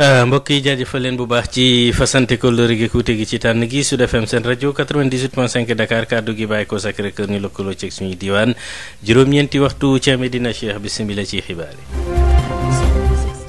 Euh, mbokk yi jaajëfal leen bu baax ci fasante ko lëre gi kuute gi ci tànn gi Sud FM seen rajo 98.5 Dakar kàddu gi bàyyi ko Sacré Cœur ñu lëkkaloo ci suñuy diwaan juróom-ñeenti waxtu ca Medina Cheikh bisimilah ci xibaar yi.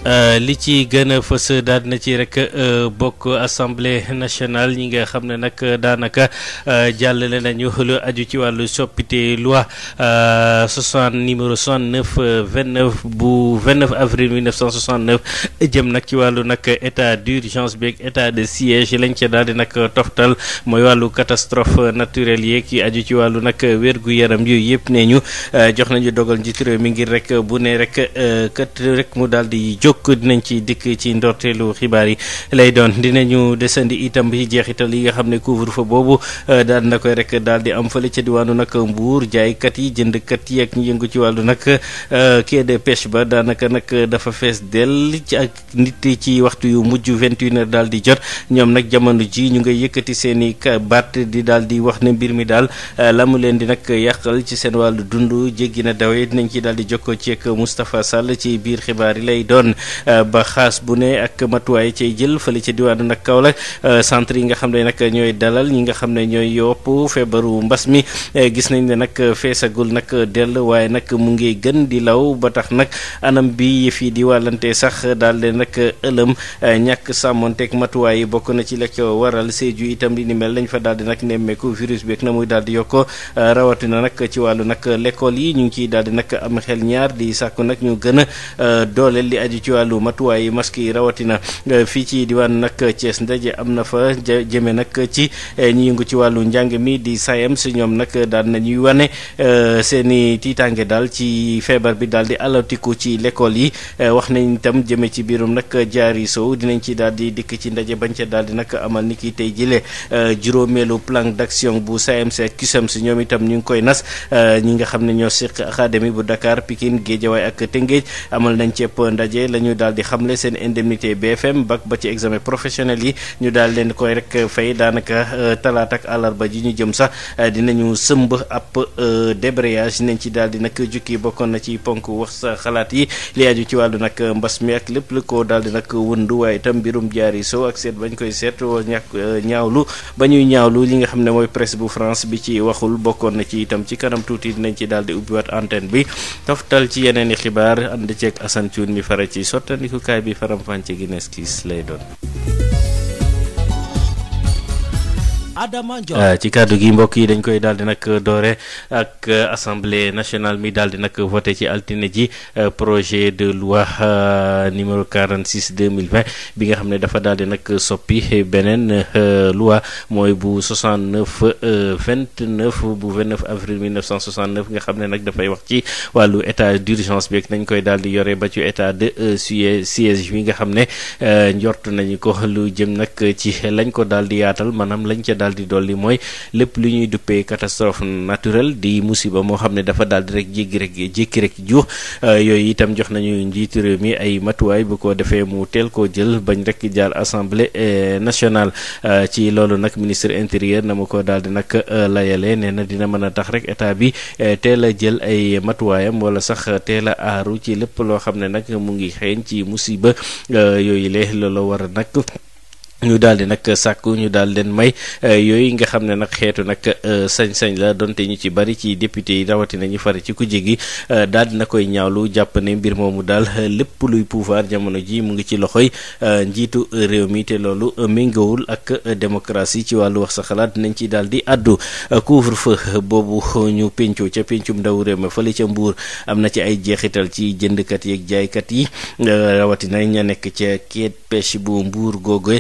Euh, li ci gën a fës daal na ci rek euh, bokk assemblée nationale ñi nga xam ne nag daanaka euh, jàllale nañu lu aju ci wàllu soppite loi 60 numéro 69 29 bu 29 avril 1969 jëm nag ci wàllu nag état d'urgence beeg état de siège lañ ca daal di nag toftal mooy wàllu catastrophe naturelle yeeg yi aju ci wàllu nag wér-gu-yaram yooyu yëpp nee ñu jox nañu dogal njiit réew mi ngir rek bu ne rek kët rek mu daal di jóg jóg dinañ ci dikk ci ndorteelu xibaar yi lay doon dinañu desandi itam bi jeexital yi nga xam ne couvre fa boobu euh, daal na koy rek daal di am fale ca diwaanu nag Mbuur jaaykat yi jëndkat yi ak ñu yëngu ci wàllu nag euh, quai de pêche ba daanaka nag dafa fees dell ci ak nit ci waxtu yu mujj vingt et une daal di jot ñoom nag jamono ji ñu ngay yëkkati seen i baat di daal di wax ne mbir mi daal euh, la mu leen di nag yàqal ci seen wàllu dund jéggi na dawee dinañ ci daal di jokkoo ci ak Moustapha Sall ci biir xibaar yi lay doon Euh, ba xaas bu ne ak matuwaay cay jël fële ca diwaanu kaw la euh, centre yi nga xam ne nag ñooy dalal ñi nga xam ne ñooy yopp feebaru mbas mi euh, gis nañ ne nag feesagul nag dell waaye nag mu ngi gën di law ba tax nag anam bi yëf yi di wàllante sax daal de nag ëlëm ñàkk sàmmonteeg matuwaay yi bokk na ci la waral Sédhiou itam li ni mel lañ fa daal di nag nemmeeku virus bi ak na muy daal di yokk rawatina nag ci wàllu nag lekkool yi ñu ngi ciy daal nag am xel ñaar wàllu matuwaay masque yi rawatina eh, fii ci diwaan nag cees ndaje am na fa jëme nag ci eh, ñi yëngu ci wàllu njàng mi di SAEMS ñoom nag daan nañuy wane eh, seen i tiitaange daal ci feebar bi daal di alatiku ci l'école yi wax nañ itam jëme ci biirum nag jaari sow dinañ ci daal di dikk ci ndaje bañ ca daal di amal ni ki tey jile juróomeelu plan d'action bu SAEMS ak CUSEMS ñoom itam ñu ngi koy nas ñi nga xam ne ñoo siq académie bu Dakar Pikine Guédiawaye ak Tëngéej ñu daal di xamle seen indemnité BFM bac ba ci examen professionnel yi ñu daal leen koy rek fay daanaka euh, talaata ak àllarba ji ñu jëm sax euh, dinañu sëmb ab euh, débrayage nañ ci daal di nag jukki bokkoon na ci ponk wax sa xalaat yi li ci wàllu nag mbas mi ak lépp lu ko daal di nag wëndu waaye itam mbirum jaari sow ak seet bañ koy seet ñàkk ñaawlu ba ñuy ñaawlu li nga xam ne mooy presse bu France bi ci waxul bokkoon na ci itam ci kanam tuuti dinañ ci daal di ubbiwaat antenne bi sottandikukaay bi faram-fàcce Guinness kiis lay doon. Adama Ndione euh, ci kàddu gi mbokk yi dañ koy daal di nag doore ak euh, assemblée nationale mi daal di nag voté ci altine ji euh, projet de loi numéro 46 2020 bi nga xam ne dafa daal di nag soppi beneen loi mooy bu 69 29 bu 29 avril 1969 nga xam ne nag dafay wax ci wàllu état d'urgence bi ak nañ koy daal di yore ba ci état de siège siège bi nga xam ne njort nañu ko lu jëm nag ci lañ ko daal di yaatal maanaam lañ ca. daal di dolli mooy lépp lu ñuy duppee catastrophe naturelle di musiba moo xam ne dafa daal di rek jéggi rek jékki rek juux euh, yooyu itam jox nañu njiitu réew mi ay matuwaay bu ko defee mu teel koo jël bañ rek jaar assemblée euh, nationale euh, ci loolu nag ministre intérieur na ma ko daal di layale nee na dina mën a tax rek état bi teel a jël ay matuwaayam wala sax teel a aaru ci lépp loo xam ne nag mu ngi xeeñ ci musiba yooyu le loola war a nag ñu daal di nag sàkku ñu daal leen may euh, yooyu nga xam ne nag xeetu nag euh, sañ-sañ la donte ñu ci bari ci député yi rawatina ñu fare ci kujje gi euh, daal di na koy ñaawlu jàpp ne mbir moomu daal lépp luy pouvoir jamono ji mu ngi ci loxoy njiitu réew mi te loolu méngawul ak démocratie ci wàllu wax sa xalaat nañ ci daal di àddu couvre-feu boobu ñu péncoo ca péncum ndaw réew ma fële ca Mbuur am na ci ay jeexital ci jëndkat yeeg jaaykat yi rawatina ña nekk ca quai de pêche Mbuur googu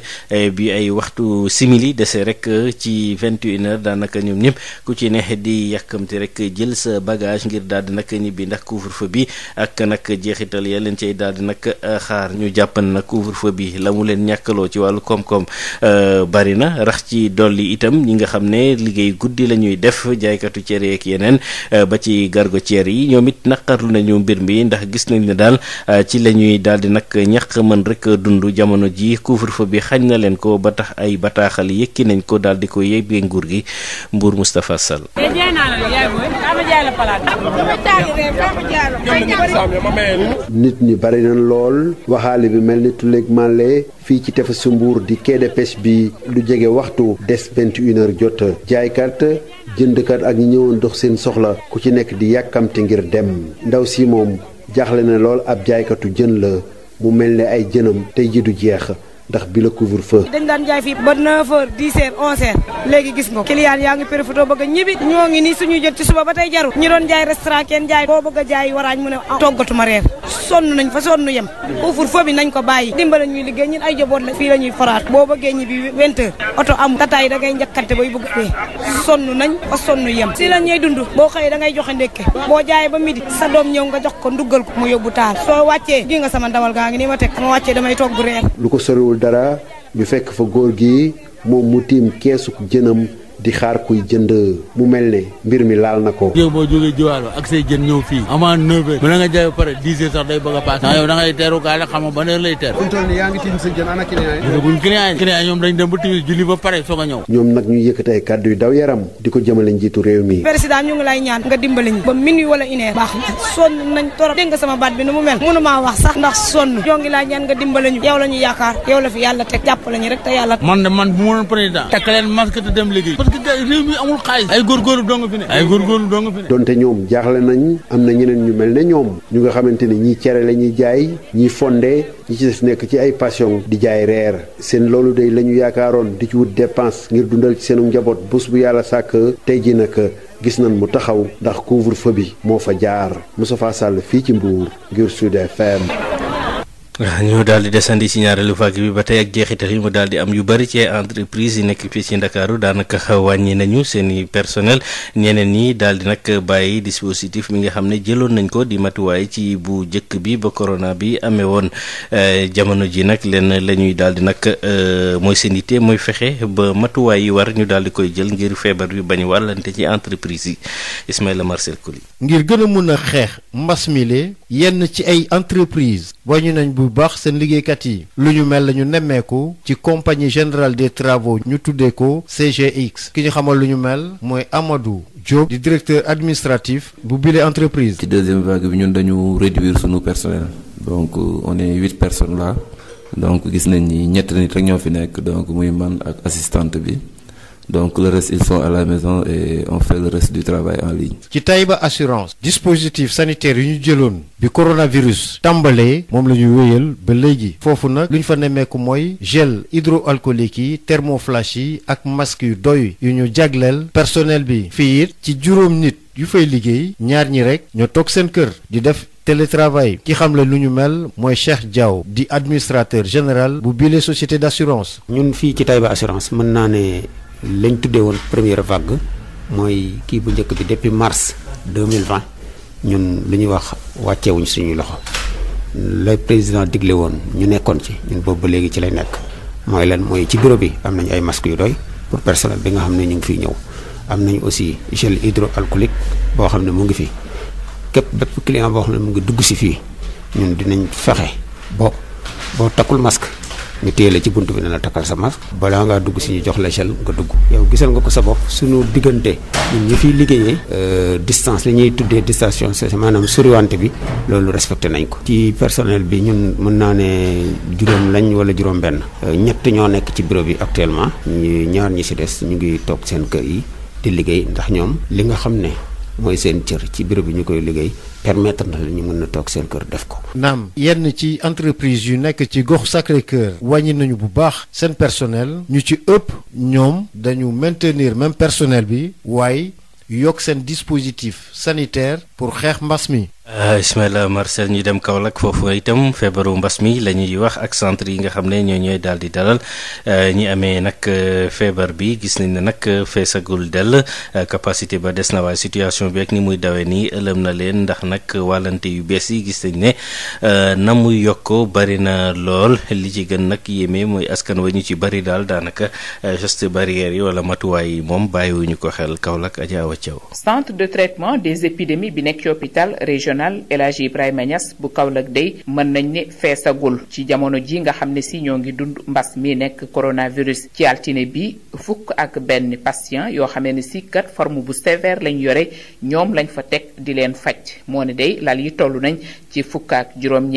bi ay waxtu simili dese rek euh, ci vingt et une daanaka ñoom ñëpp ku ci neexee di yàkkamti rek jël sa bagage ngir daal di nag ñibbi ndax couvre-feu bi ak nag jeexital ya leen cay daal di nag euh, xaar ñu jàppan nag couvre-feu bi la leen ñàkkaloo ci wàllu koom-koom euh, bari na rax ci dolli itam ñi nga xam ne liggéey guddi la ñuy def jaaykatu cere yeeg yeneen ba ci gargo cere yi ñoom it naqarlu nañu mbir mi ndax gis nañ ne daal ci la ñuy daal di mën rek dund jamono ji couvre-feu bi xañ na leen ko ba ay bataaxal yëkki nañ ko daal di ko yebbee nguur gi Mbour Moustapha Sall. nit ñi bari nañ lool waxaale bi mel ni tulleeg màlle fii ci tefesu Mbour di quai de bi lu jege waxtu des vingt jot jaaykat jëndkat ak ñi ñëwoon dox seen soxla ku ci nekk di yàkkamte ngir dem ndaw si moom jaaxle na lool ab jaaykatu jën la mu mel ni ay jënam tey ji du jeex ndax bi la dañ daan jaay fii ba 9h 10 léegi gis nga client yaa ngi profité bëgg a ñibbi ñoo ngi nii suñuy jot ci suba ba tey jaru ñu doon jaay restaurant kenn jaay boo bëgg a jaay waraañ mu ne ah, toggatuma reer sonn nañ fa sonn yem couvre-feu bi nañ ko bàyyi dimbale ñuy liggéey ñun ay joboot la fii la ñuy faraat boo bëggee ñibbi 20h oto am tataay da ngay njëkkante bay bëgg dee sonn nañ fa sonn yem si la ñuy dund boo xëyee da ngay joxe ndekke boo jaayee ba midi sa doom ñëw nga jox ko nduggal ko mu yóbbu taal soo wàccee gi nga sama ndawal gaa ngi ni ma teg sama wàccee damay togg reer yàggul dara ñu fekk fa góor gi moom mu tiim keesu jënam di xaar kuy jënd mu mel ne mbir mi laal na ko. yow boo jógee jiwaalo ak say jën ñëw fii avant 9h mën jaay ba pare 10 sax day bëgg a paas yow da teeru gaa la xam ban heure lay teer. yaa timis julli ba pare soog a ñëw. ñoom nag ñu yëkkati ay kàddu yu daw yaram di ko jëmale njiitu réew mi. président ñu ngi lay ñaan nga dimbali ñu ba minuit wala une heure baax sonn nañ torop dégg sama baat bi nu mu mel mënumaa wax sax ndax sonn ñoo ay góorgóorlu dong fi ne ay góorgóorlu dong donte ñoom jaaxle nañ am na ñeneen ñu mel ne ñoom ñu nga xamante ne ñii cere lañuy jaay ñii fonde ñi ci def nekk ci ay passion di jaay reer seen loolu day lañu yaakaaroon di ci wut dépense ngir dundal ci seenu njaboot bés bu yàlla sàkk tey ji nag gis nañ mu taxaw ndax couvre-feu bi moo fa jaar Moustapha Sall fii ci Mbour ngir Sud FM waaw ñu daal di desandi si ñaareelu vague bi ba tey ak jeexital yi mu daal am yu bëri ci entreprise yi nekk fii ci Ndakaaru daanaka wàññi nañu seen i personnel ñeneen ñi daal di nag bàyyi dispositif mi nga xam ne jëloon nañ ko di matuwaay ci bu njëkk bi ba corona bi amee woon eh, jamono ji nag lenn la ñuy daal di nag eh, mooy seen yitte mooy fexe ba matuwaay yi war ñu daal di koy jël ngir feebar bi bañ wàllante ci entreprise yi Ismaïla Marcel Koli. ngir gën mun a xeex yenn ci ay entreprise wañu nañ bu baax seen liggéeykat yi lu ñu mel la ñu nemmeeku ci compagnie générale des travaux ñu tuddee ko CGX ki ñu xamal lu ñu mel mooy Amadou Diop di directeur administratif bu bile entreprise. ci deuxième vague bi ñun dañu réduir sunu personnel donc euh, on est huit personnes la donc gis nañ ni ñett nit rek ñoo fi nekk donc muy man ak assistante bi. donc le reste ils sont à la maison et on fait le reste du travail en ligne. ci Taïba assurance dispositif sanitaire yu ñu jëloon bi coronavirus tàmbalee moom la ñuy wéyal ba léegi foofu nag lu ñu fa nemmeeku mooy gel hydroalcoolique yi thermoflash yi ak masque yu doy yu ñu jagleel personnel bi fii it ci juróom nit yu fay liggéey ñaar ñi rek ñoo toog seen kër di def. télétravail ki xam la lu ñu mel mooy Cheikh Diaw di administrateur général bu bile société d'assurance. ñun fii ci Taïba assurance mën naa ne lañ tuddee woon première vague mooy kii bu njëkk bi depuis mars 2020 ñun lu ñuy wax wàcceewuñ suñuy loxo la président digle woon ñu nekkoon ci ñun boobu ba léegi ci lay nekk mooy lan mooy ci bureau bi am nañu ay masques yu doy pour personnel bi nga xam ne ñu ngi fiy ñëw am nañu aussi gel hydroalcoolique boo xam ne mu ngi fi képp bépp client boo xam ne mu ngi dugg si fii ñun dinañ fexe boo boo takkul masque ñu téela ci bunt bi ne la takkal sa balaa ngaa dugg si ñu jox la gel nga dugg yow gisal nga ko sa bopp suñu diggante ñun ñi fiy liggéeyee euh, distance li ñuy tuddee distanciation sociale maanaam suriwante bi loolu respecté nañ ko ci personnel bi ñun mën naa ne juróom lañ wala juróom benn euh, ñett ñoo nekk ci bureau bi actuellement ñu ñaar ñi si des ñu ngi toog seen kër yi di liggéey ndax ñoom li nga xam ne mooy seen cër ci bureau bi ñu koy liggéey permettre na la ñu mën na toog seen kër def ko. naam yenn ci entreprise yu nekk ci gox Sacré-Cœur wàññi nañu bu baax seen personnel ñu ci ëpp ñoom dañu maintenir même personnel bi waaye yokk seen dispositif sanitaire pour xeex mbas mi. Eh, Ismaila Marcel ñu dem Kaolack foofu itam feebaru mbas mi la ñuy wax ak centre yi nga xam ne ñoo ñooy daal di dalal eh, ñi amee nag eh, feebar bi gis nañ ne nag feesagul dell capacité ba des na waaye situation bi muy dawee nii ëlëm na leen ndax nag wàllante yu bees yi gis nañ ne na muy yokkoo bari na lool li ci gën nag yéeme mooy askan wa ñu ci bari daal daanaka geste barrière yi wala matuwaay yi moom bàyyi bàyyiwuñu ko xel Kaolack Adja Awa Thiaw national El Hadji Ibrahima Niass bu Kaolack day mën nañ ne feesagul ci jamono ji nga xam ne si ñoo ngi dund mbas mi nekk coronavirus ci altine bi fukk ak benn patient yoo xamee ne si kat forme bu sévère lañ yore ñoom lañ fa teg di leen faj moo ne day lal yi toll nañ ci fukk ak juróom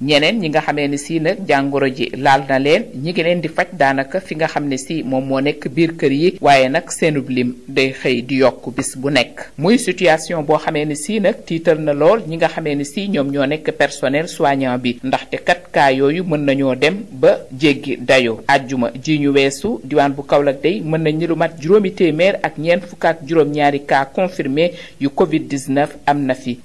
ñeneen ñi nga xamee ni sii nag jàngoro ji laal na leen ñi ngi leen di faj daanaka fi nga xam ne si moom moo nekk biir kër yi waaye nag seenub lim day xëy di yokk bis bu nekk muy situation boo xamee ni sii nag tiital na lool ñi nga xamee ni si ñoom ñoo nekk personnel soignant bi ndaxte kat kaa yooyu mën nañoo dem ba jéggi dayo ajjuma ji ñu weesu diwaan bu Kaolack day mën nañu lu mat juróomi téeméer ak ñeent fukk ak juróom-ñaari cas confirmé yu covid am na fi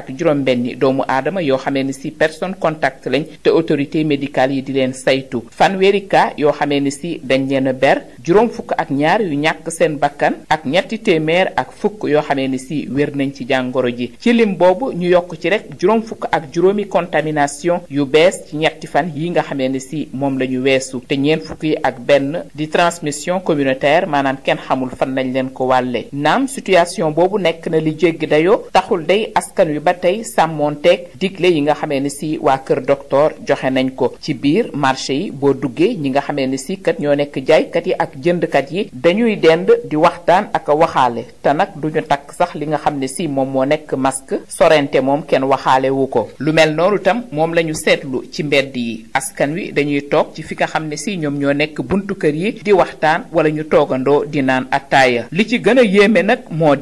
ak juróom benni doomu aadama yoo xamee ni si personne contact lañ te autorité médicale yi di leen saytu fanweeri cas yoo xamee ni si dañ leen a ber juróom fukk ak ñaar yu ñàkk seen bakkan ak ñetti téeméer ak fukk yoo xamee ni si wér nañ ci jàngoro ji ci lim boobu ñu yokk ci rek juróom fukk ak juróomi contamination yu bees ci ñetti fan yi nga xamee ni si moom la ñu weesu te ñeen fukk yi ak benn di transmission communautaire maanaam kenn xamul fan lañ leen ko wàlle naam ba tey sàmmoonteeg digle yi nga xamee ni si waa kër docteur joxe nañ ko ci biir marché yi boo duggee ñi nga xamee ni si kat ñoo nekk jaaykat yi ak jëndkat yi dañuy dend di waxtaan ak waxaale te nag duñu takk sax li nga xam ne si moom moo nekk masque sorente moom kenn waxaalewu ko lu mel noonu tam moom la ñu seetlu ci mbedd yi askan wi dañuy toog ci fi nga xam ne si ñoom ñoo nekk buntu kër yi di waxtaan wala ñu toogandoo di naan attaaya li ci gën a nag moo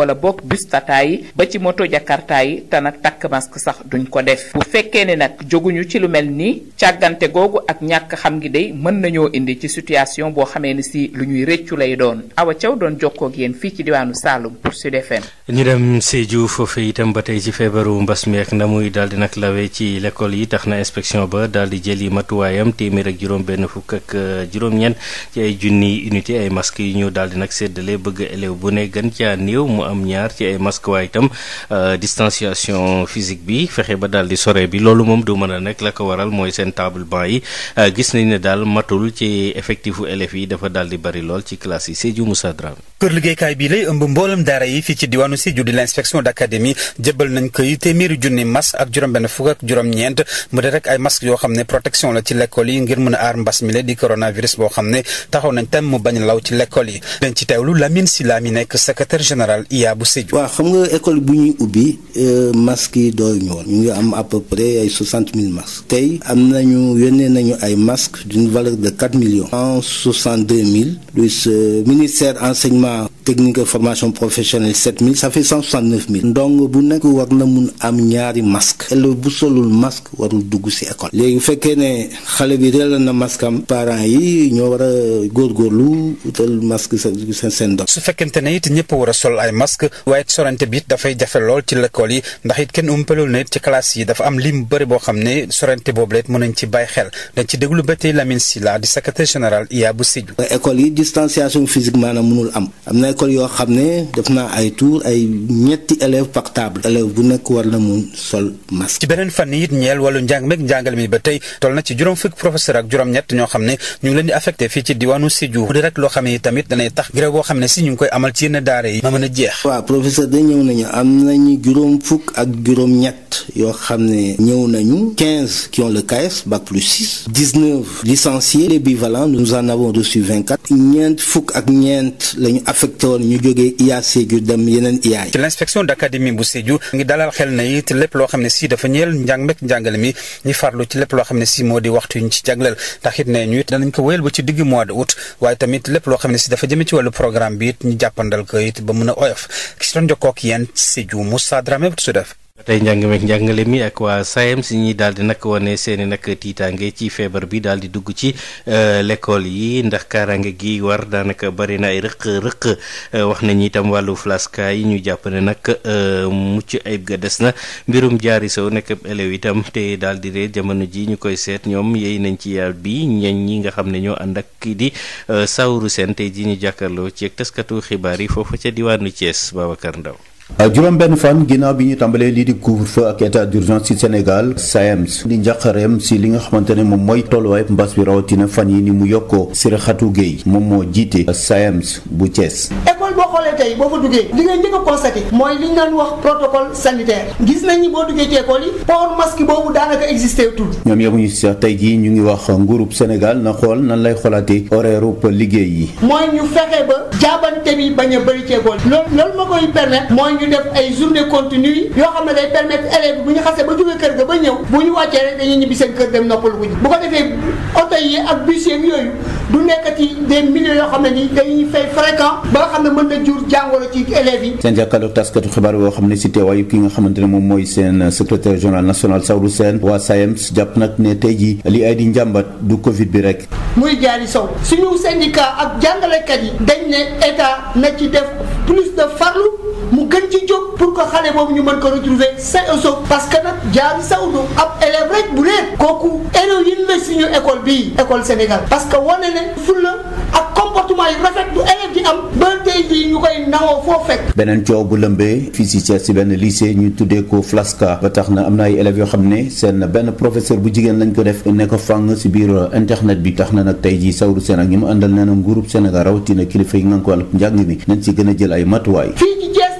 wala bokk bus tata yi ba ci moto jakarta yi te nag takk masque sax duñ ko def bu fekkee ne nag jóguñu ci lu mel ni càggante googu ak ñàkk xam ngi day mën nañoo indi ci situation boo xamee ni si lu ñuy rëccu lay doon awa caw doon jokkoo ak fii ci diwaanu Saloum pour Sud FM. ñu dem Sédhiou foofu itam ba tey ci feebaru mbas mi ak na muy daal di nag lawe ci lekkool yi tax na inspection ba daal di jëli matuwaayam téeméer ak juróom-benn fukk ak euh, juróom-ñeent ci yi ñu am ñaar ci ay masque waaye itam euh, distanciation physique ba daal di sore a nekk euh, kër liggéeykaay bi lay ëmb mboolem daara yi fii ci diwaanu Sédhiou di l'inspection d'académie jëbal nañ ko yi téeméeri junni masque ak juróom-benn ay masque yoo xam ne protection la ci l'école yi ngir mën aar mbas mi di coronavirus boo xam ne taxaw nañ tam mu bañ law ci l'école yi dañ ci teewlu Lamine Sila mi nekk secrétaire général IA bu Sédhiou. waa xam nga école bu ñuy ubbi euh, masques yi doy ñu woon ñu ngi am à peu près ay soixante tey am nañu yónnee nañu ay masques d'une valeur de quatre millions. cent deux mille plus euh, ministère enseignement. technique formation professionnelle 7000 ça fait 169000 ndongo bu nekk war na mun am ñaari masque élève bu solul masque warul dugg ci école léegi fekkee ne xale bi réelal na masque am yi ñoo war a góorgóorlu utal masque su fekkente ne it ñëpp war a sol ay masque waaye sorante bi it dafay jafe lool ci l'école yi ndax it kenn umpalul ne ci classe yi dafa am mu bëri boo xam ne sorante boobu la it mën nañ ci bàyyi xel dañ ci déglu ba tey Lamine Silla di secrétaire général IA bu Sédhiou école yi distanciation physique maanaam mënul am na école yoo xam ne def naa ay tour ay ñetti élèves par table bu nekk war na mun sol masque. ci beneen fan yi it ñeel wàllu njàng meeg njàngale mi ba tey toll na ci juróom fukk professeur ak juróom-ñett ñoo xam ne ñu leen di affecté fii ci diwaanu Sédhiou mu di rek loo xam ne si ñu ngi koy amal ci yenn daara yi ma mën a jeex. waaw professeur da ñëw nañu am nañu juróom fukk ak juróom-ñett yoo xam ne ñëw nañu quinze le CAES bac plus six dix-neuf woon ñu jógee IA Sédhiou dem yeneen IA yi. ci l' inspection d' académie bu Sédhiou ngi dalal xel na it lépp loo xam ne si dafa ñeel njàng mekk njàngale mi ñu farlu ci lépp loo xam ne si moo di waxtu yu ñu ci jagleel ndax it ñu it danañ ko wéyal ba ci digg mois de août waaye tamit lépp loo xam ne si dafa jëmee ci wàllu programme bi it ñu jàppandal ko it ba mën a oyof ki si doon jokkoo ak yéen Sédhiou Moussa Dramé Sud tey njàng njàngale mi ak waa SAEMS si ñi daal di nag wane seeni i nag tiitaange ci feebar bi daal di dugg ci euh, lekkool yi ndax kaaraange gi war daanaka bari na ay rëq-rëq euh, wax nañu itam wàllu flaska yi ñu jàpp ne nag euh, mucc ayib ga des na mbirum jaari sow nekk élève itam te daal di ree jamono ji ñu koy seet ñoom yey nañ ci yaay bi ñeñ ñi nga xam ne ñoo ànd ak kii di Saourou Sène tey ji ñu jàkkarloo ci ak taskatu xibaar yi foofa ca diwaanu Thiès Babacar Ndaw Euh, juróom benn fan ginnaaw bi ñu tàmbalee lii di couvre-feu ak état d'urgence ci Sénégal SAEMS di njaqareem si li nga xamante ne moom mooy tolluwaay mbas bi rawatina fan yi ni mu yokkoo Siré xatu Gueye moom moo jiite euh, SAEMS bu Thiès xoolee tey boo fa duggee li nga njëkk a constaté mooy li ñu wax protocole sanitaire gis nañ boo duggee ci yi port masque boobu daanaka existé tul ñoom yemuñu si sax Sénégal na xool nan lay xoolaatee horaire liggéey yi. mooy ñu fexe ba jaabante bi bañ a bëri ci yi loolu ma koy permettre mooy ñu def ay journée continue yoo xam ne day permettre élèves bu ñu xasee ba jógee kër ga ba ñëw bu ñu wàccee rek ñibbi seen kër dem noppalu ko bu ko defee oto yi ak bus jur jàngoro ci élèves yi seen jàkkaarloog taskatu xibaar boo xam ne si teewaayu ki nga xamante ne moom mooy seen euh, secrétaire général national Saourou Sène waa SAEMS jàpp nag ne tey jii li ay di njàmbat du covid bi rek muy jaari sow suñu syndicat ak jàngalekat yi dañ ne état na ci def plus de farlu mu gën ci jóg pour que xale boobu ñu mën ko retrouver sain et sauf parce que nag jaari ab élève rek bu réer kooku héroïne la suñu école bii école Sénégal parce wane ne fulla ak comportement yu rafet bu élève di am ba tey jii ñu koy nawoo foo fekk. beneen coow bu lëmbee fii si Thiès si benn lycée ñu tuddee ko flaska ba tax na am na ay élèves yoo xam ne seen benn professeur bu jigéen lañ ko def ne ko si biir internet bi tax na nag tey jii sawdu seen ak ñi mu àndal nee na nguurub Sénégal rawatina kilifa yi nga ko mi nañ si gën a jël ay matuwaay.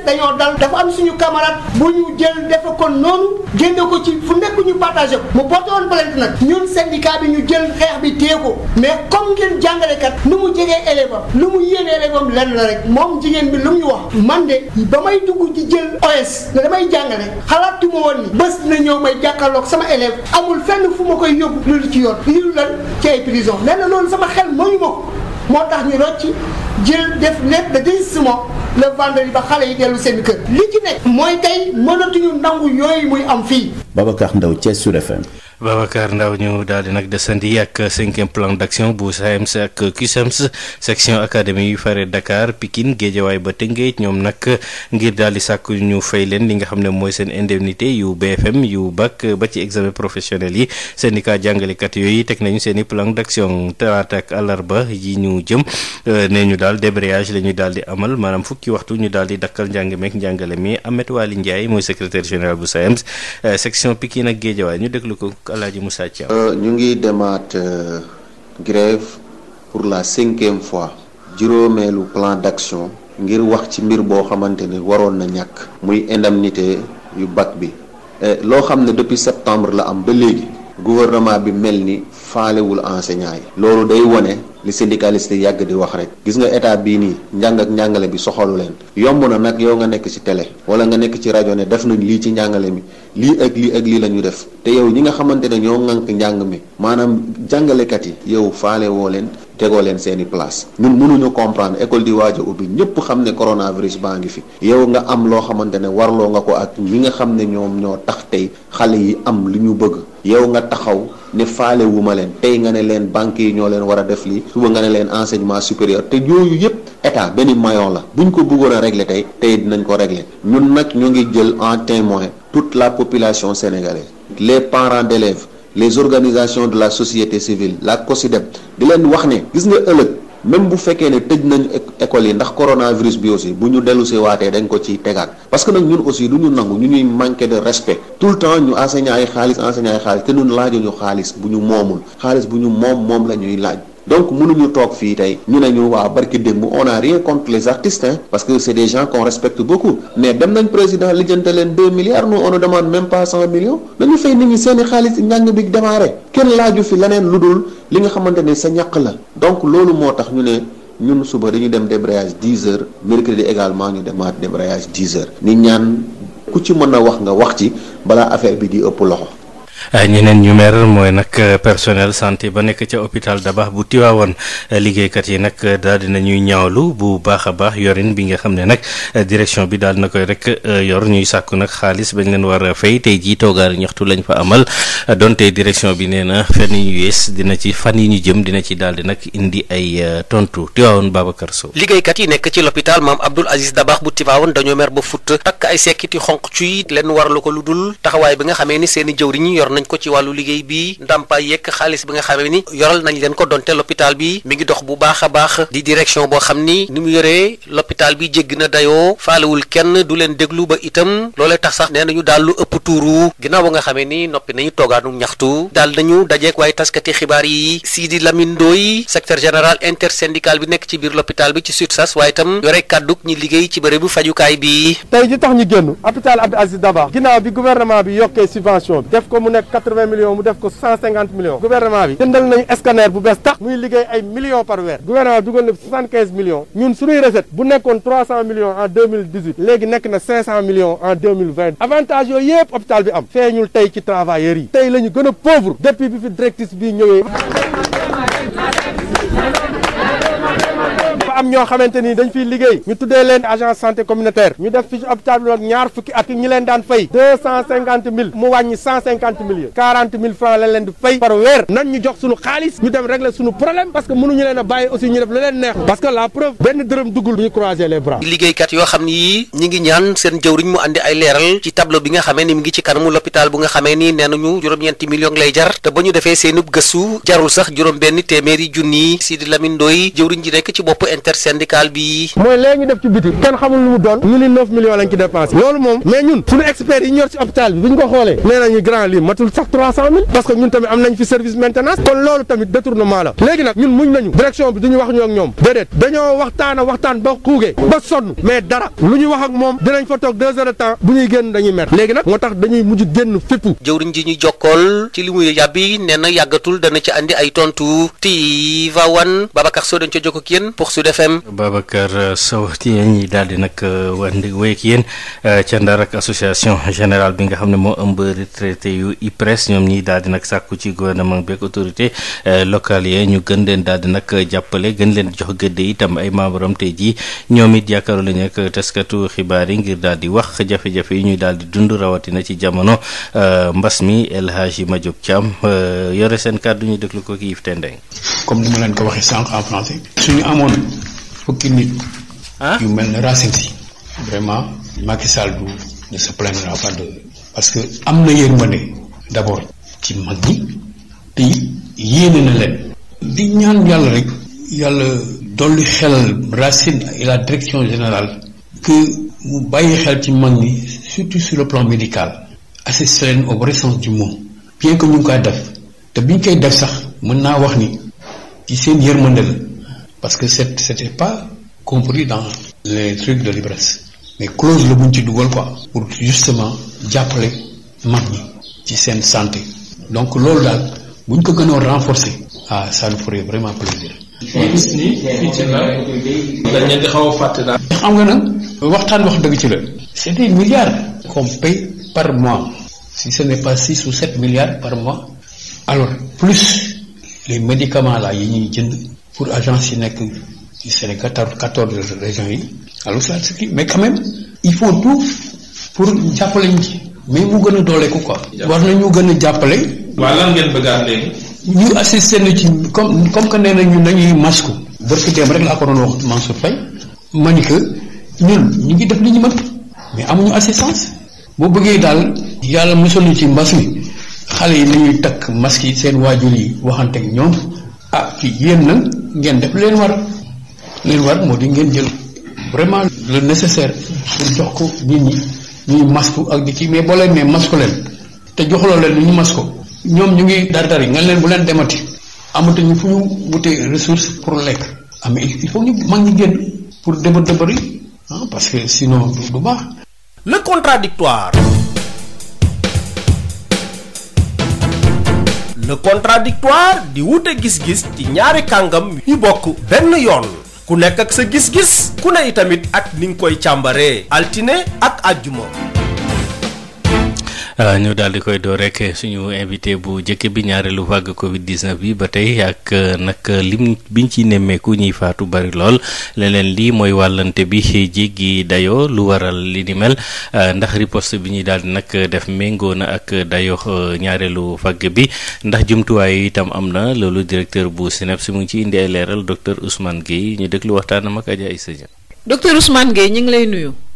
dañoo dal dafa am suñu camarade bu ñu jël defe ko noonu génne ko ci fu nekk ñu partagé ko mu porté woon plainte nag ñun syndicat bi ñu jël xeex bi téye ko mais comme ngeen jàngalekat nu mu jegee élève lu mu yéene élève lenn rek moom jigéen bi lu mu ñu wax man de ba may dugg ci jël OS ne damay jàngale xalaatuma woon ni bés na ñëw may jàkkaarloog sama élève amul fenn fu ma koy yóbbu lu ci yoon lu lan ci ay prison nee na loolu sama xel mooyu ma ko moo tax ñu rocc jël def lettre de désistement le vendredi ba xale yi dellu seen kër li ci nekk mooy tey mënatuñu nangu yooyu muy am fii. Babacar ndaw Thiès Sud FM. Babacar Ndaw ñu daal di nag desandi ak cinquième plan d'action bu SAEMS e ak CUSEMS e section académie yu fare Dakar Pikine Guédiawaye ba Tëngéej ñoom nag ngir daal di sàkk ñu fay leen li nga xam ne mooy seen indemnité yu BFM yu bac ba ci examen professionnel yi syndicat jàngalekat yooyu teg nañu seeni i plan d'action talaata ak àllarba yi ñu jëm euh, nee ñu daal débrayage la ñu daal di amal maanaam fukki waxtu ñu daal di dakkal njàng meek njàngale mi Ahmed Waly Ndiaye mooy secrétaire général bu SAEMS e euh, section Pikine ak Guédiawaye ñu déglu ko. ak El Hadj Moussa Thiam. Euh, ñu ngi demaat euh, grève pour la cinquième fois juróomeelu plan d'action ngir wax ci mbir boo xamante ni waroon na ñàkk muy indemnité yu bac bi loo xam ne depuis septembre la am ba léegi gouvernement bi mel ni faalewul enseignant loolu day wone li syndicaliste yàgg di wax rek gis nga état bii nii njàng ak njàngale bi soxalu leen yomb na nag yow nga nekk ci télé wala nga nekk ci rajo ne def nañ lii ci njàngale mi lii ak lii ak lii la def te yow ñi nga xamante ne ñoo ŋànk njàng mi maanaam jàngalekat yi yow faale woo leen tegoo leen seen i place mënuñu comprendre école di waaj ubbi ñëpp xam ne coronavirus baa ngi fi yow nga am loo xamante ne warloo nga ko ak ñi nga xam ne ñoom ñoo tax tey xale yi am li ñu bëgg yow nga taxaw ne faale wu ma leen tey nga ne leen banques yi ñoo leen war a def lii suba nga ne leen enseignement supérieur te yooyu yëpp état benn maillon la bu ñu ko bëggoon a régler tey tey dinañ ko régler ñun nag ñu ngi jël en témoin toute la population sénégalaise les parents d'élèves les organisations de la société civile la COSYDEP di leen wax ne gis nga ëlëg même bu fekkee ne tëj nañu école yi ndax coronavirus bi aussi bu ñu dellu si waatee dañ ko ci tegaat parce que nag ñun aussi du ñu nangu ñu ñuy manqué de respect tout le temps ñu enseignant ay xaalis enseignant ay xaalis te ñun laajuñu xaalis bu ñu moomul xaalis bu ñu moom moom la ñuy laaj donc mënuñu toog fii tey ñu ne ñu waa barki démb on a rien contre les artistes parce que c'est des gens qu'on respecte beaucoup mais dem nañ président lijjante leen deux milliards nous on ne demande même pas cent millions dañu fay nit ñi seeni xaalis njàng bi démarré kenn laaju fi leneen lu dul li nga xamante ne sa ñaq la donc loolu moo tax ñu ne ñun suba dañu dem débrayage 10 heures mercredi également ñu demaat débrayage 10 heures ni ñaan ku ci mën a wax nga wax ci balaa affaire bi di ëpp loxo Eh, ñeneen ñu mer mooy nag eh, personnel santé ba nekk ca hôpital Dabakh bu Tiwaawoon eh, liggéeykat yi nag daal dina ñuy ñaawlu bu baax a baax yorin bi nga xam ne nag direction bi daal na koy rek yor ñuy sàkku nag xaalis bañ leen war a fay tey jii toogaari ñaxtu lañ fa amal donte direction bi nee na fenn yu yees dina ci fan yi ñu jëm dina ci daal di nag indi ay tontu Tiwaawoon Babacar Sow. liggéeykat yi nekk ci l'hôpital maam Abdoul Aziz Dabakh bu Tiwaawoon dañoo mer ba futt takk ay sekkiti xonq cuy leen warlu ko lu dul taxawaay bi nga xamee ni seeni jëwriñ yor yor nañ ko ci wàllu liggéey bii ndàmpaay yekk xaalis bi nga xamee ni yoral nañ leen ko donte l'hôpital bi mi ngi dox bu baax a baax di direction boo xam ni ni mu yoree bi jégg na dayoo faalewul kenn du leen déglu ba itam loolee tax sax nee nañu daal lu ëpp tuuru ginnaaw ba nga xamee ni noppi nañu toogaanu ñaxtu daal nañu dajeek waaye taskati xibaar yi Sidi Lamine Ndoye secrétaire général intersyndical bi nekk ci biir l'hôpital bi ci SUTSAS waaye itam bi tey ji tax ñu génn hôpital Abdou Aziz Dabakh ginnaaw bi gouvernement bi yokkee subvention nekk 80 millions mu def ko millions gouvernement bi jëndal nañu scanner bu bees muy liggéey ay millions par weer gouvernement bi dugal na 75 millions ñun suñuy recette bu en 2018 léegi nekk na 500 millions en 2020 avantage yooyu yëpp hôpital bi am feeñul tey ci travailleurs yi tey la ñu gën a pauvre depuis bi fi directrice bi ñëwee am ñoo xamante ni dañ fiy liggéey ñu tuddee leen agence santé communautaire ñu def fi hôpital bi ñaar fukki at ñi leen daan fay deux cent leen di fay par weer nan ñu jox suñu xaalis ñu dem régler suñu problème parce que mënuñu leen a bàyyi aussi ñu def lu leen neex parce que la preuve benn dërëm duggul bu ñu croiser les bras liggéeykat yoo xam ne yii ngi ñaan seen jëwriñ mu andi ay leeral ci tableau bi nga xamee ni mu ngi ci kanamu l'hôpital bu nga xamee ni nee intersyndicale bi mooy lee ñu def ci biti kenn xamul lu mu doon ñu ni 9 millions lañ ci dépensé loolu moom mais ñun suñu experts yi ñor ci hôpital bi bu ñu ko xoolee nee nañu grand lii matul sax 300 mille parce que ñun tamit am nañ fi service maintenance kon loolu tamit détournement la léegi nag ñun muñ nañu direction bi duñu wax ñoo ñoom déedéet dañoo waxtaan waxtaan ba xuugee ba sonn mais dara lu ñu wax ak moom dinañ fa toog deux FM. Babacar Sow ci yéen ñi daal di nag uh, wandi wéy ak yéen uh, ca Ndar ak association général bi nga xam ne moo ëmb retraité yu IPRES ñoom ñi daal di nag sàkku ci gouvernement bi ak autorité uh, locale yi ñu gën leen daal di nag jàppale gën leen jox gëdd itam ay membre am tey jii ñoom it yaakaaru lañu ak taskatu xibaar yi ngir daal di wax jafe-jafe yi ñuy daal di dund rawatina ci jamono mbas mi El Hadji Madiop am yore seen kàddu ñu déglu ko kii Yves Tendeng comme ni ma leen ko fukki nit. Ah? yu mel ne Racine Sy. vraiment Macky Sall du ne se plaindra pas de parce que am na yërmande d' abord ci mag ñi te yéene na leen. di ñaan yàlla rek. yàlla dolli xelal Racine et la direction général que mu bàyyi xel ci mag ñi surtout sur le plan médical. assister leen au vrai sens bien que ñu ngi koy def te biñ koy def sax mën naa wax ni ci seen yërmande la. parce que c'était pas compris dans les trucs de l'ivresse mais clause la bu buñ ci dugal quoi pour justement jàppale mag ñi ci seen santé donc loolu daal buñ ko gënoon renforcer ah ça nous ferait vraiment plaisir xam nga nag waxtaan wax dëgg ci la c'est des milliards qu'on paye par mois si ce n'est pas six ou sept milliards par mois alors plus les médicaments là yi ñuy jënd pour agence yi nekk ci Sénégal quatorze régions yi alors ça c'est mais quand il faut tout pour jàppale ñu ci mais mu gën a dooleeku quoi. war nañu gën a jàppale. waaw lan ngeen bëgg a léegi. ñu assisté ci comme comme que nee nañu nañuy masku. bërki démb rek laa ko doon wax Mansour Faye ma ñu ngi def ni ñu mën mais amuñu assistance boo bëggee daal yàlla mosoon na ci mbas mi xale yi nañuy takk masque yi seen waajur yi waxanteeg ñoom ah ci yéen nag. ngeen def leen war leen war moo di ngeen jël vraiment le nécessaire pour jox ko nit ñi ñuy masku ak di ci mais boo leen nee leen te joxuloo leen ñu masku ñoom ñu ngi dar dar yi nga leen bu leen demati amatuñu fu ñu wutee ressource pour lekk ah il faut ñu mag ñi génn pour dëbër dëbëri ah parce que sinon du baax le contradictoire na contradictoire di wute gis-gis ci ñaari kàngam yu bokk benn yoon ku nekk ak sa gis-gis ku ne itamit ak ni koy càmbaree altine ak àjjuma Euh, ñu daal di koy door rek suñu invité bu jëkk bi ñaareelu vague Covid 19 bi ba tey ak euh, nag euh, lim biñ ci nemmeeku ñuy faatu bari lool leneen lii mooy wàllante bi gi dayoo lu waral li di mel ndax riposte bi ñuy daal di nag def méngoo na ak dayoo ñaareelu fag bi ndax jumtuwaay itam am na loolu directeur bu si mu ngi ci indi ay leeral docteur Ousmane Guèye ñu déglu waxtaanam ak Adja Issa Diagne.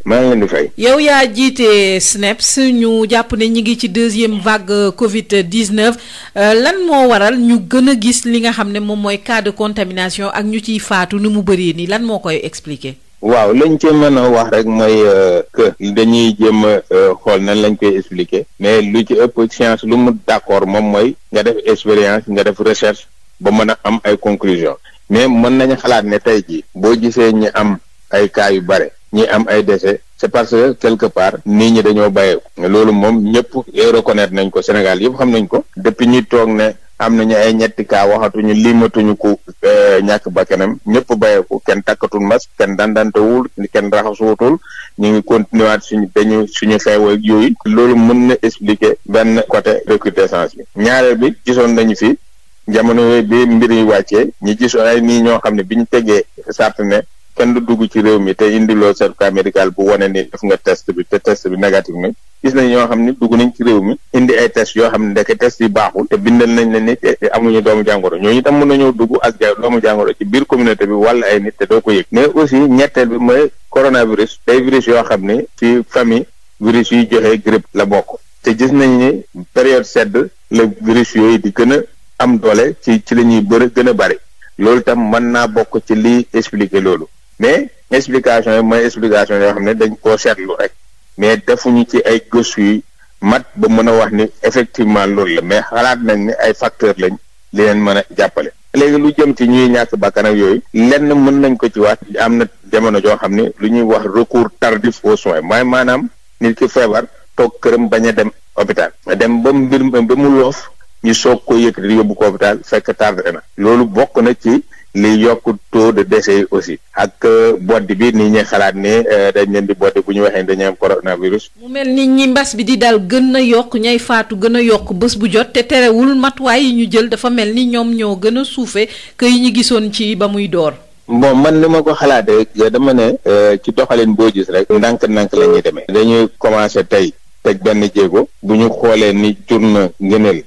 ma ngi leen di fay. yow yaa jiite SNEIPS ñu jàpp ne ñu ngi ci deuxième vague euh, Covid 19 euh, lan moo waral ñu gën a gis li nga xam ne moom mooy cas de contamination ak ñu ciy faatu nu mu bëree nii lan moo koy expliquer. waaw lañ ci mën a wax rek mooy euh, que dañuy jëm a xool nan lañ koy expliquer mais lu ci ëpp science lu mu d'accord moom mooy nga def expérience nga def recherche ba mën a am ay conclusion mais mën nañu xalaat ne tey jii boo gisee ñi am ay cas yu bare. ñi am ay décès c'est parce que quelque part nit ñi dañoo bàyyeeku loolu moom ñëpp yooyu nañ ko Sénégal yëpp xam nañ ko depuis ñi toog ne am nañu ay ñetti cas waxatuñu limatuñu ku euh, ñàkk bakkanam ñëpp bàyyeeku kenn takkatul masque kenn dandantewul kenn raxasuwutul ñu ngi continué waat suñu dañu suñu xeew yooyu loolu mën na expliquer benn côté recrudescence bi ñaareel bi gisoon nañu fi jamono yooyu bi mbir yi wàccee ñi gisoon ay nii ñoo xam ne bi ñu tegee sart ne kenn du dugg ci réew mi te indiloo certificat médical bu wone ni def nga test bi te test bi négatif na gis nañ ñoo xam ni dugg nañ ci réew mi indi ay test yoo xam ne ndeke test yi baaxul te bindal nañ ne nit amuñu doomu jàngoro ñoo ñooñu tam mën nañoo dugg ak doomu jàngoro ci biir communauté bi walla ay nit te doo ko yëg mais aussi ñetteel bi mooy coronavirus day virus yoo xam ne ci famille virus yuy joxe grippe la bokk te gis nañ ni période sedd la virus yooyu di gën a am doole ci ci la ñuy bëri gën a bëri loolu tam mën naa bokk ci liy expliquer loolu mais explication yi mooy explication yoo xam ne dañ koo seetlu rek mais defuñu ci ay gëstu yi mat ba mën a wax ni effectivement loolu la mais xalaat nañ ni ay facteurs lañ li leen mën a jàppale. léegi lu jëm ci ñuy ñàkk bakkan ak yooyu lenn mën nañ ko ci wax am na jamono joo xam ne lu ñuy wax recours tardif aux soins mooy maanaam nit ki feebar toog këram bañ a dem hôpital dem ba mbir ba mu loof ñu soog ko yëkkati yóbbu ko hôpital fekk tardé na loolu bokk na ci li yokk taux de décès yi aussi ak euh, boddi bi ni ñuy xalaat ne dañ leen di boddi bu ñu waxee dañu am coronavirus. mu mel ni ñi mbas bi di daal gën a yokk ñay faatu gën a yokk bés bu jot te terewul matuwaay yi ñu jël dafa mel ni ñoom ñoo gën a suufee que yi ñu gisoon ci ba muy door. bon man ni ma ko xalaatee euh, dama ne. Euh, ci doxalin boo gis rek. ndànk-ndànk la ñuy demee. dañuy commencé tey teg benn jéego. bu ñu xoolee ni jur na ngëneel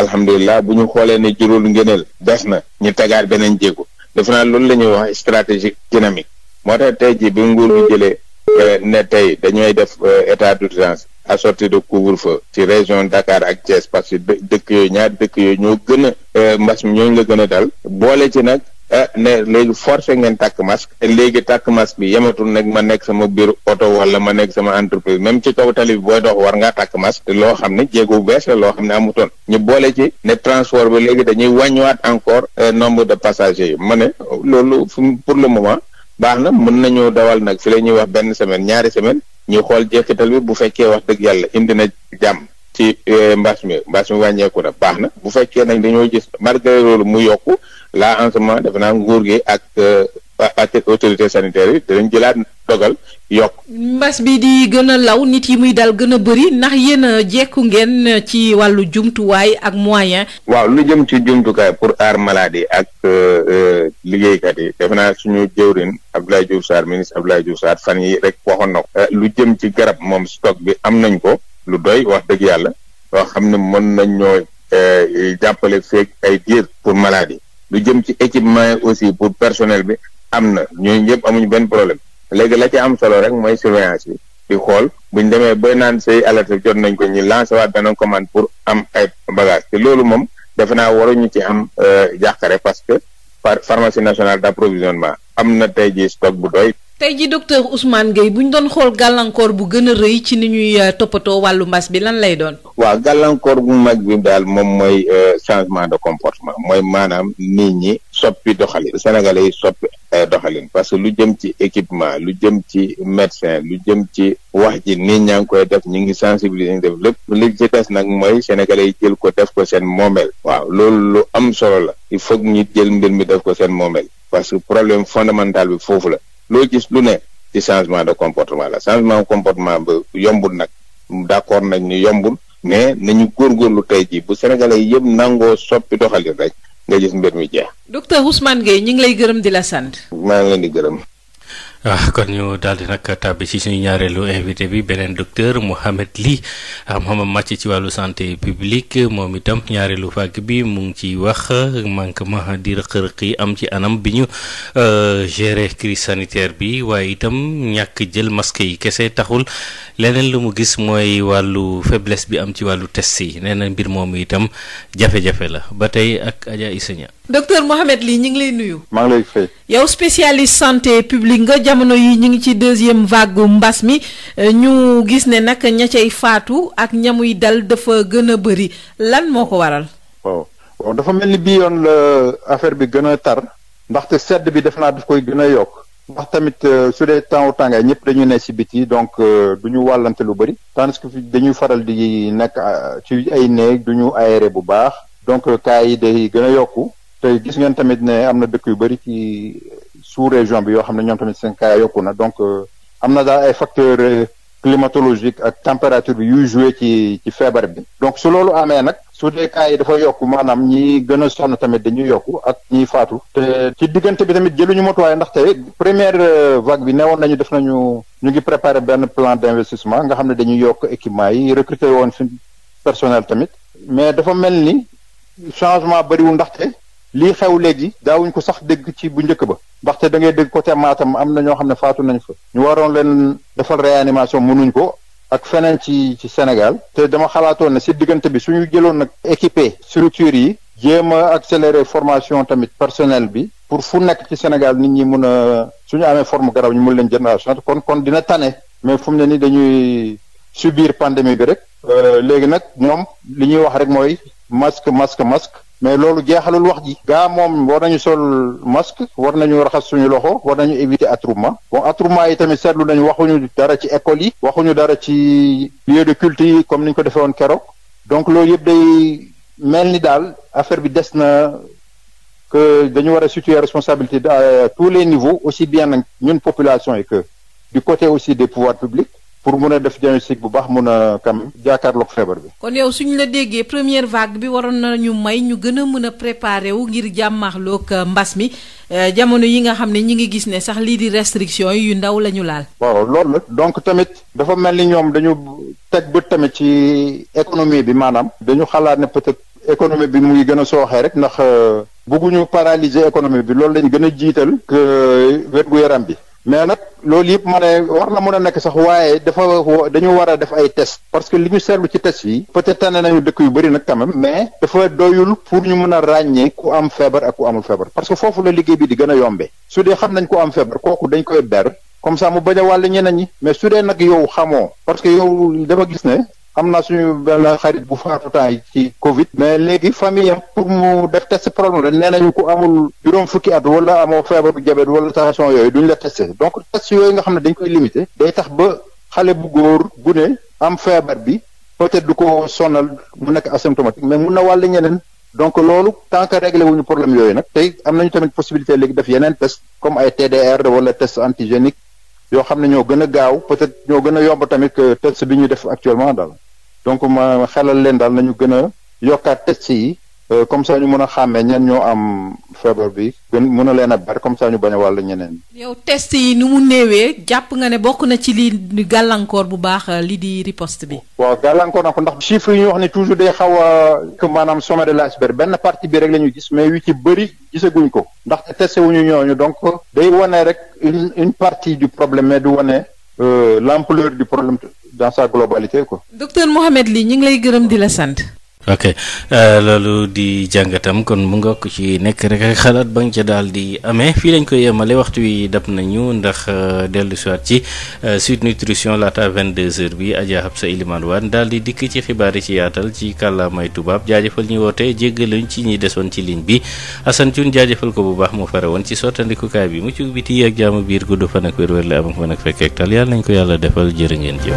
alhamdulilah bu ñu xoolee ne juróolu ngëneel des na ñu tagaat beneen jéego defe naa loolu la ñuy wax stratégie dynamique moo tax tey jii bi nguur bi jëlee eh, ne tey dañooy def eh, état d'urgence assorti de couvre fa ci région Dakar ak Thiès parce que dëkk yooyu ñaar dëkk yooyu ñoo gën a eh, mbas mi ñooñu la gën a dal boole ci nag Eh, ne léegi forcé ngeen takk masque eh, léegi takk masque bi yematul nag ma nekk sama biir oto wala ma nekk sama entreprise même ci kaw tali bi booy dox war ngaa takk masque loo xam ne jéego bu bees loo xam ne amutoon ñu boole ci ne transport bi léegi dañuy wàññiwaat encore eh, nombre de passagers yi ma ne loolu pour le moment baax na mën nañu dawal nag fi la ñuy wax benn semaine ñaari semaine ñu xool jeexital bi bu fekkee wax dëgg yàlla indi na jàmm ci mbaas mi mbaas mi wàññeeku na baax na bu fekkee nag dañoo gis malgré loolu mu yokku là en ce moment defe naa nguur gi ak euh, ak autorité sanitaire yi denañ jëlaat dogal yokk. mbas bi di gën a law nit yi muy dal gën a bëri ndax yéen a jekku ngeen ci wàllu jumtuwaay ak moyen. waaw lu jëm ci jumtukaay pour aar maladie ak euh, euh, liggéeykat yi defe naa suñu jëwrin Abdoulaye Diouf Sarr ministre Abdoulaye Diouf Sarr fan yi rek waxoon na lu jëm ci garab moom stock bi am nañ ko lu doy wax dëgg yàlla loo xam ne mën nañ ñoo jàppale feeg ay diir pour maladie. lu jëm ci équipement yi aussi pour personnel bi am na ñooñu ñëpp amuñu benn problème léegi la ci am solo rek mooy surveillance yi di xool buñ demee ba naan say alerte jot nañ ko ñi lancer waat benn commande pour am ay bagage te loolu moom defe naa waruñu ci am euh, jàqare parce que par pharmacie nationale d'approvisionnement am na tey ji stock bu doy tey ji docteur Ousmane Gueye bu ñu doon xool gàllankoor bu gën a rëy ci ni ñuy euh, toppatoo wàllu mbas bi lan lay doon. waa gàllankoor bu mag bi daal moom mooy euh, changement de comportement mooy maanaam nit ñi soppi doxalin sénégalais yi soppi euh, doxalin parce que lu jëm ci équipement lu jëm ci médecin lu jëm ci wax ji nit ñaa koy def ñu ngi sensibiliser ñu def lépp li ci des nag mooy sénégalais yi jël ko def ko seen moomeel. waaw loolu lu am solo la il foog ñu jël mbir mi def ko seen moomeel parce que problème fondamental bi foofu la. loo gis lu ne ci changement de comportement la changement comportement ba yombul nag accord nag ni yombul mais góor lu tey jii bu sénégalais yëpp nangoo soppi doxalin rek nga gis mbir mi jeex. docteur Ousmane Gueye ñu ngi lay gërëm di la sant. maa ngi leen di gërëm. waaw ah, kon ñu daal di nag tàbbi ci suñu ñaareelu invité bi beneen docteur Mouhamed Ly xam-xamam ah, màcc ci wàllu santé publique moom itam ñaareelu vague bi mu ngi ciy wax manquement di rëq-rëq yi am ci anam bi ñu euh, gérer crise sanitaire bi waaye itam ñàkk jël masque yi kese taxul leneen lu mu gis mooy wàllu faiblesse bi am ci wàllu test yi nee na mbir moom itam jafe-jafe la ba tey ak Adja Issa docteur Mouhamed lii ñu ngi lay nuyu. maa ngi lay fay. yow spécialiste santé publique nga jamono yi ñu ngi ci deuxième vague mbas mi euh, ñu gis ne nag ña cay faatu ak ñamuy dal dafa gën a bëri lan moo ko waral. dafa mel ni bii yoon la affaire bi gën a tar ndaxte sedd bi def naa daf koy gën a yokk ndax tamit euh, su dee temps tàngaay ñëpp dañu ne si biti donc euh, duñu ñu wàllante lu bëri tandis que dañuy faral di nekk ci ay néeg du ñu aéré bu baax donc cas yi day gën a yokku. tey gis ngeen tamit ne am na dëkk yu bëri ci sous région bi yoo xam ne ñoom tamit seen cas yokku na donc euh, am na daal ay facteurs euh, climatologique ak température bi yuy joué ci ci feebar bi donc su loolu amee nag su dee cas yi dafa yokk maanaam ñi gën a sonn tamit dañuy yokku ak ñi faatu te ci diggante bi tamit ñu motuwaay ndaxte première euh, vague bi newoon nañu def nañu ñu ngi préparé benn plan d'investissement nga xam ne dañuy yokk équipement yi recruter woon fi personnel tamit mais dafa mel ni changement bëriwul ndaxte lii xew léegi daawuñ ko sax dégg ci bu njëkk ba ndaxte da ngay dégg côté maatam am na ñoo xam ne faatu nañ fa ñu waroon leen defal réanimation nuñ ko ak feneen ci ci Sénégal te dama xalaatoon ne si diggante bi suñu jëloon nag équipé structure yi jéem a accélérer formation tamit personnel bi pour fu nekk ci Sénégal nit ñi mun a suñu amee forme garab ñu mun leen jënd kon kon dina tane mais fu mu ne ni dañuy subir pandémie bi rek euh, léegi nag ñoom li ñuy wax rek mooy masque masque masque mais loolu jeexalul wax ji gaa moom war nañu sol masque war nañu raxas suñu loxo war nañu éviter attroupement bon attroupement yi tamit seetlu nañu waxuñu dara ci école yi waxuñu dara ci lieu de culte yi comme ni ñu ko defee woon donc loolu yëpp day mel ni daal affaire bi des na que dañu war a situer responsabilité à tous les niveaux aussi bien ñun population yi que du côté aussi des pouvoirs publics pour mun a def diagnostic bu baax mun a kam jaakaarloog feebar bi. kon yow suñu la déggee première vague bi waroon ñu may ñu gën a mën a préparer wu ngir jàmmaarloog euh, mbas mi euh, jamono yi nga xam ne ñi ngi gis ne sax lii di restriction yu ndaw lañu ñu laal. waaw loolu la donc tamit dafa mel ni ñoom dañu teg bët tamit ci économie bi maanaam. dañu xalaat ne peut-être économie bi mu ngi gën a sooxee rek ndax euh, bëgguñu paralyser économie bi loolu lañ gën a jiital. que wér yaram bi. mais nag loolu yëpp ma ne war na mën a nekk sax waaye dafa dañu war a def ay test parce que li ñu seetlu ci test yi peut-être tane nañu dëkk yu bëri nag quand mais dafa doyul pour ñu mën a ràññee ku am feebar ak ku amul feebar parce que foofu la liggéey bi di gën a yombe su dee xam nañ ku am feebar kooku dañ koy ber comme ça mu bañ a wàll ñeneen ñi mais su dee nag yow xamoo parce que yow dafa gis ne am naa suñu benn xarit bu faatu temps yi ci Covid. mais léegi famille am pour mu def test problème la nee nañu ku amul juróom fukki at wala amoo feebaru jabet wala tension yooyu duñ la testé donc test yooyu nga xam ne dañ koy limité. day tax ba xale bu góor bu am feebar bi peut-être du ko sonal mu nekk asymptomatique mais mun na wàll ñeneen. donc loolu tant que réglé wuñu problème yooyu nag tey am nañu tamit possibilité léegi def yeneen test comme ay TDR wala test antigénique yoo xam ne ñoo gën a gaaw peut-être ñoo gën a yomb tamit que test bi ñu def actuellement daal donc ma xelal leen daal nañu gën a yokkaat test yi Euh, comme ça ñu mën a xàmmee ñen ñoo am feebar bi gën mën a leen a ber comme ça ñu bañ a wàll ñeneen. yow test yi nu mu néewee jàpp nga ne bokk na ci li gàllankoor bu baax euh, li di riposte bi. waaw gàllankoor na ko ndax chiffres yi ñu wax ni toujours day xaw a que maanaam de de l'iceberg benn partie bi rek la ñu gis mais yu ci bëri gisaguñ ko ndaxte testé wuñu ñooñu donc day wane rek une une partie du problème mais du wane euh, l'ampleur du problème dans sa globalité di la sant. ok euh, loolu di jàngatam kon mu nga ko ci nekk rek ak xalaat ba nga ca daal di amee fii lañ koy yemale waxtu wi dab nañu ndax euh, dellu siwaat ci euh, Sud Nutrition laata 22h bi Adja Habsa Elimane waan daal di dikk ci xibaar yi ci yaatal ci kàllaamay tubaab jaajëfal ñu woote jéggaluñ ci ñi desoon ci ligne bi Assane Thioune jaajëfal ko bu baax moo fare woon ci sottandikukaay bi mucc biti ak jaamu biir gudd fan ak wér-wér la am fan ak yàlla nañ ko yàlla defal jërë ngeen jëf.